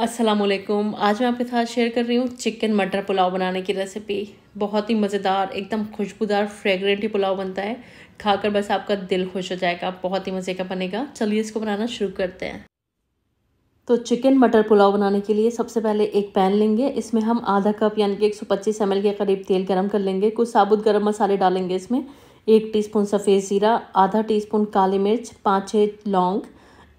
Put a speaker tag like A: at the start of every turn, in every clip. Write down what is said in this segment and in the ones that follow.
A: असलकुम आज मैं आपके साथ शेयर कर रही हूँ चिकन मटर पुलाव बनाने की रेसिपी बहुत ही मज़ेदार एकदम खुशबूदार फ्रेगरेंट ही पुलाव बनता है खाकर बस आपका दिल खुश हो जाएगा बहुत ही मज़े का बनेगा चलिए इसको बनाना शुरू करते हैं तो चिकन मटर पुलाव बनाने के लिए सबसे पहले एक पैन लेंगे इसमें हम आधा कप यानी कि एक सौ के करीब तेल गर्म कर लेंगे कुछ साबुत गर्म मसाले डालेंगे इसमें एक टी सफ़ेद ज़ीरा आधा टी काली मिर्च पाँच छः लौंग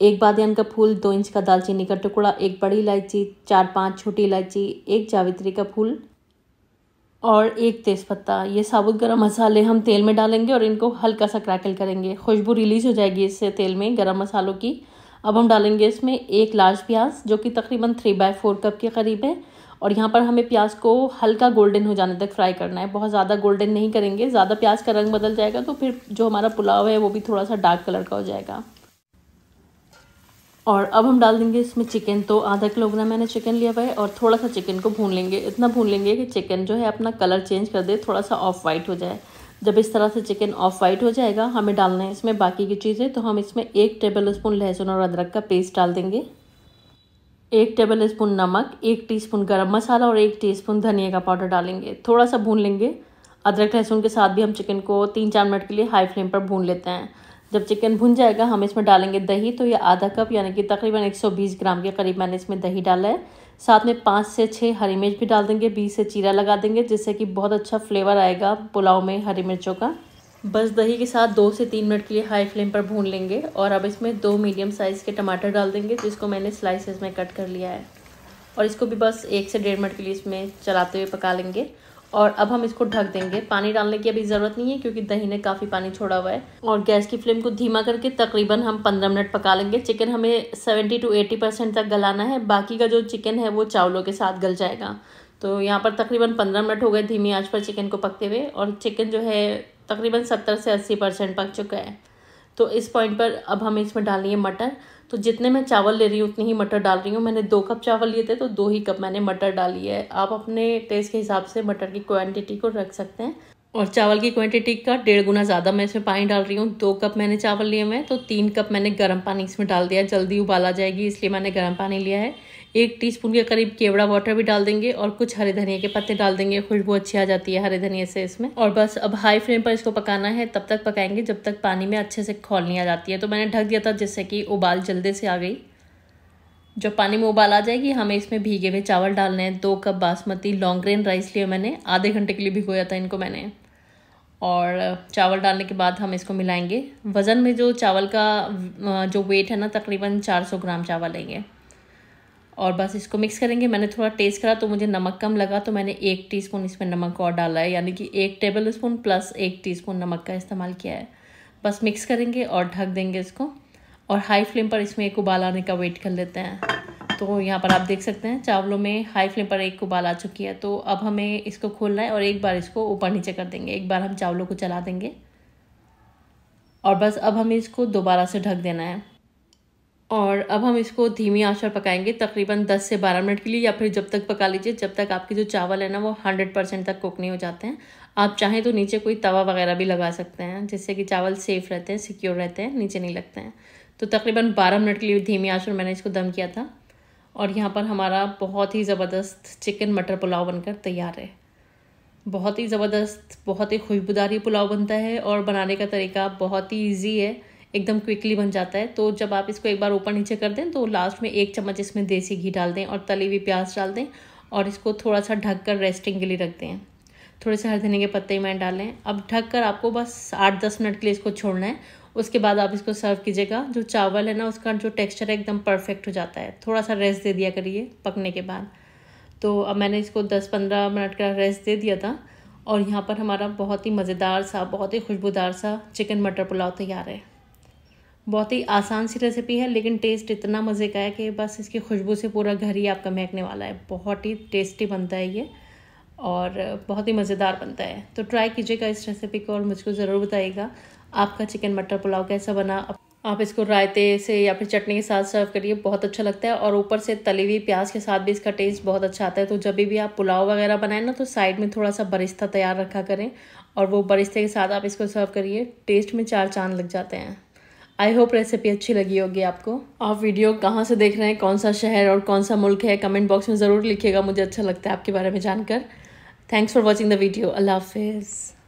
A: एक बादियान का फूल दो इंच का दालचीनी का टुकड़ा एक बड़ी इलायची चार पांच छोटी इलायची एक जावित्री का फूल और एक तेज़पत्ता ये साबुत गरम मसाले हम तेल में डालेंगे और इनको हल्का सा क्रैकल करेंगे खुशबू रिलीज़ हो जाएगी इससे तेल में गरम मसालों की अब हम डालेंगे इसमें एक लार्ज प्याज जो कि तकरीबन थ्री बाय फोर कप के करीब है और यहाँ पर हमें प्याज को हल्का गोल्डन हो जाने तक फ्राई करना है बहुत ज़्यादा गोल्डन नहीं करेंगे ज़्यादा प्याज का रंग बदल जाएगा तो फिर जो हमारा पुलाव है वो भी थोड़ा सा डार्क कलर का हो जाएगा और अब हम डाल देंगे इसमें चिकन तो आधा किलोग्राम मैंने चिकन लिया हुआ है और थोड़ा सा चिकन को भून लेंगे इतना भून लेंगे कि चिकन जो है अपना कलर चेंज कर दे थोड़ा सा ऑफ वाइट हो जाए जब इस तरह से चिकन ऑफ वाइट हो जाएगा हमें डालना है इसमें बाकी की चीज़ें तो हम इसमें एक टेबल स्पून लहसुन और अदरक का पेस्ट डाल देंगे एक टेबल स्पून नमक एक स्पून गर्म मसाला और एक स्पून धनिया का पाउडर डालेंगे थोड़ा सा भून लेंगे अदरक लहसुन के साथ भी हम चिकन को तीन चार मिनट के लिए हाई फ्लेम पर भून लेते हैं जब चिकन भुन जाएगा हम इसमें डालेंगे दही तो ये आधा कप यानी कि तकरीबन 120 ग्राम के करीब मैंने इसमें दही डाला है साथ में पाँच से छः हरी मिर्च भी डाल देंगे बीस से चीरा लगा देंगे जिससे कि बहुत अच्छा फ्लेवर आएगा पुलाव में हरी मिर्चों का बस दही के साथ दो से तीन मिनट के लिए हाई फ्लेम पर भून लेंगे और अब इसमें दो मीडियम साइज़ के टमाटर डाल देंगे जिसको मैंने स्लाइसेस में कट कर लिया है और इसको भी बस एक से डेढ़ मिनट के लिए इसमें चलाते हुए पका लेंगे और अब हम इसको ढक देंगे पानी डालने की अभी ज़रूरत नहीं है क्योंकि दही ने काफ़ी पानी छोड़ा हुआ है और गैस की फ्लेम को धीमा करके तकरीबन हम पंद्रह मिनट पका लेंगे चिकन हमें सेवेंटी टू एटी परसेंट तक गलाना है बाकी का जो चिकन है वो चावलों के साथ गल जाएगा तो यहाँ पर तकरीबन पंद्रह मिनट हो गए धीमी आँच पर चिकन को पकते हुए और चिकन जो है तकरीबन सत्तर से अस्सी परसेंट पक चुका है तो इस पॉइंट पर अब हमें इसमें डालनी है मटर तो जितने मैं चावल ले रही हूँ उतनी ही मटर डाल रही हूँ मैंने दो कप चावल लिए थे तो दो ही कप मैंने मटर डाली है आप अपने टेस्ट के हिसाब से मटर की क्वांटिटी को रख सकते हैं और चावल की क्वांटिटी का डेढ़ गुना ज़्यादा मैं इसमें पानी डाल रही हूँ दो कप मैंने चावल लिए हुए हैं तो तीन कप मैंने गर्म पानी इसमें डाल दिया जल्दी उबाला जाएगी इसलिए मैंने गर्म पानी लिया है एक टीस्पून के करीब केवड़ा वाटर भी डाल देंगे और कुछ हरे धनिया के पत्ते डाल देंगे खुशबू अच्छी आ जाती है हरे धनिया से इसमें और बस अब हाई फ्लेम पर इसको पकाना है तब तक पकाएंगे जब तक पानी में अच्छे से खोलनी आ जाती है तो मैंने ढक दिया था जिससे कि उबाल जल्दी से आ गई जब पानी में उबाल आ जाएगी हमें इसमें भीगे हुए चावल डालने हैं दो cup basmati long grain rice लिए मैंने आधे घंटे के लिए भिगोया था इनको मैंने और चावल डालने के बाद हम इसको मिलाएंगे वज़न में जो चावल का जो वेट है ना तकरीबन 400 ग्राम चावल लेंगे और बस इसको मिक्स करेंगे मैंने थोड़ा टेस्ट करा तो मुझे नमक कम लगा तो मैंने एक टीस्पून इसमें नमक और डाला है यानी कि एक टेबल स्पून प्लस एक टीस्पून नमक का इस्तेमाल किया है बस मिक्स करेंगे और ढक देंगे इसको और हाई फ्लेम पर इसमें एक उबाल आने का वेट कर लेते हैं तो यहाँ पर आप देख सकते हैं चावलों में हाई फ्लेम पर एक उबाल आ चुकी है तो अब हमें इसको खोलना है और एक बार इसको ऊपर नीचे कर देंगे एक बार हम चावलों को चला देंगे और बस अब हमें इसको दोबारा से ढक देना है और अब हम इसको धीमी आंच पर पकाएंगे तकरीबन 10 से 12 मिनट के लिए या फिर जब तक पका लीजिए जब तक आपके जो चावल है ना वो 100 परसेंट तक कुक नहीं हो जाते हैं आप चाहें तो नीचे कोई तवा वगैरह भी लगा सकते हैं जिससे कि चावल सेफ़ रहते हैं सिक्योर रहते हैं नीचे नहीं लगते हैं तो तकरीबन बारह मिनट के लिए धीमी आँच पर मैंने इसको दम किया था और यहाँ पर हमारा बहुत ही ज़बरदस्त चिकन मटर पुलाव बनकर तैयार है बहुत ही ज़बरदस्त बहुत ही खुशबूदार पुलाव बनता है और बनाने का तरीका बहुत ही ईजी है एकदम क्विकली बन जाता है तो जब आप इसको एक बार ऊपर नीचे कर दें तो लास्ट में एक चम्मच इसमें देसी घी डाल दें और तली हुई प्याज डाल दें और इसको थोड़ा सा ढक कर रेस्टिंग के लिए रख दें थोड़े से हर के पत्ते में डालें अब ढक कर आपको बस आठ दस मिनट के लिए इसको छोड़ना है उसके बाद आप इसको सर्व कीजिएगा जो चावल है ना उसका जो टेक्स्चर है एकदम परफेक्ट हो जाता है थोड़ा सा रेस्ट दे दिया करिए पकने के बाद तो अब मैंने इसको दस पंद्रह मिनट का रेस्ट दे दिया था और यहाँ पर हमारा बहुत ही मज़ेदार सा बहुत ही खुशबूदार सा चिकन मटर पुलाव तैयार है बहुत ही आसान सी रेसिपी है लेकिन टेस्ट इतना मज़े का है कि बस इसकी खुशबू से पूरा घर ही आपका महकने वाला है बहुत ही टेस्टी बनता है ये और बहुत ही मज़ेदार बनता है तो ट्राई कीजिएगा इस रेसिपी को और मुझको ज़रूर बताइएगा आपका चिकन मटर पुलाव कैसा बना आप इसको रायते से या फिर चटनी के साथ सर्व करिए बहुत अच्छा लगता है और ऊपर से तली हुई प्याज के साथ भी इसका टेस्ट बहुत अच्छा आता है तो जब भी आप पुलाव वगैरह बनाएं ना तो साइड में थोड़ा सा बरिश्ता तैयार रखा करें और वो बरिश्ते के साथ आप इसको सर्व करिए टेस्ट में चार चांद लग जाते हैं आई होप रेसिपी अच्छी लगी होगी आपको आप वीडियो कहाँ से देख रहे हैं कौन सा शहर और कौन सा मुल्क है कमेंट बॉक्स में ज़रूर लिखिएगा मुझे अच्छा लगता है आपके बारे में जानकर thanks for watching the video अल्लाह हाफिज़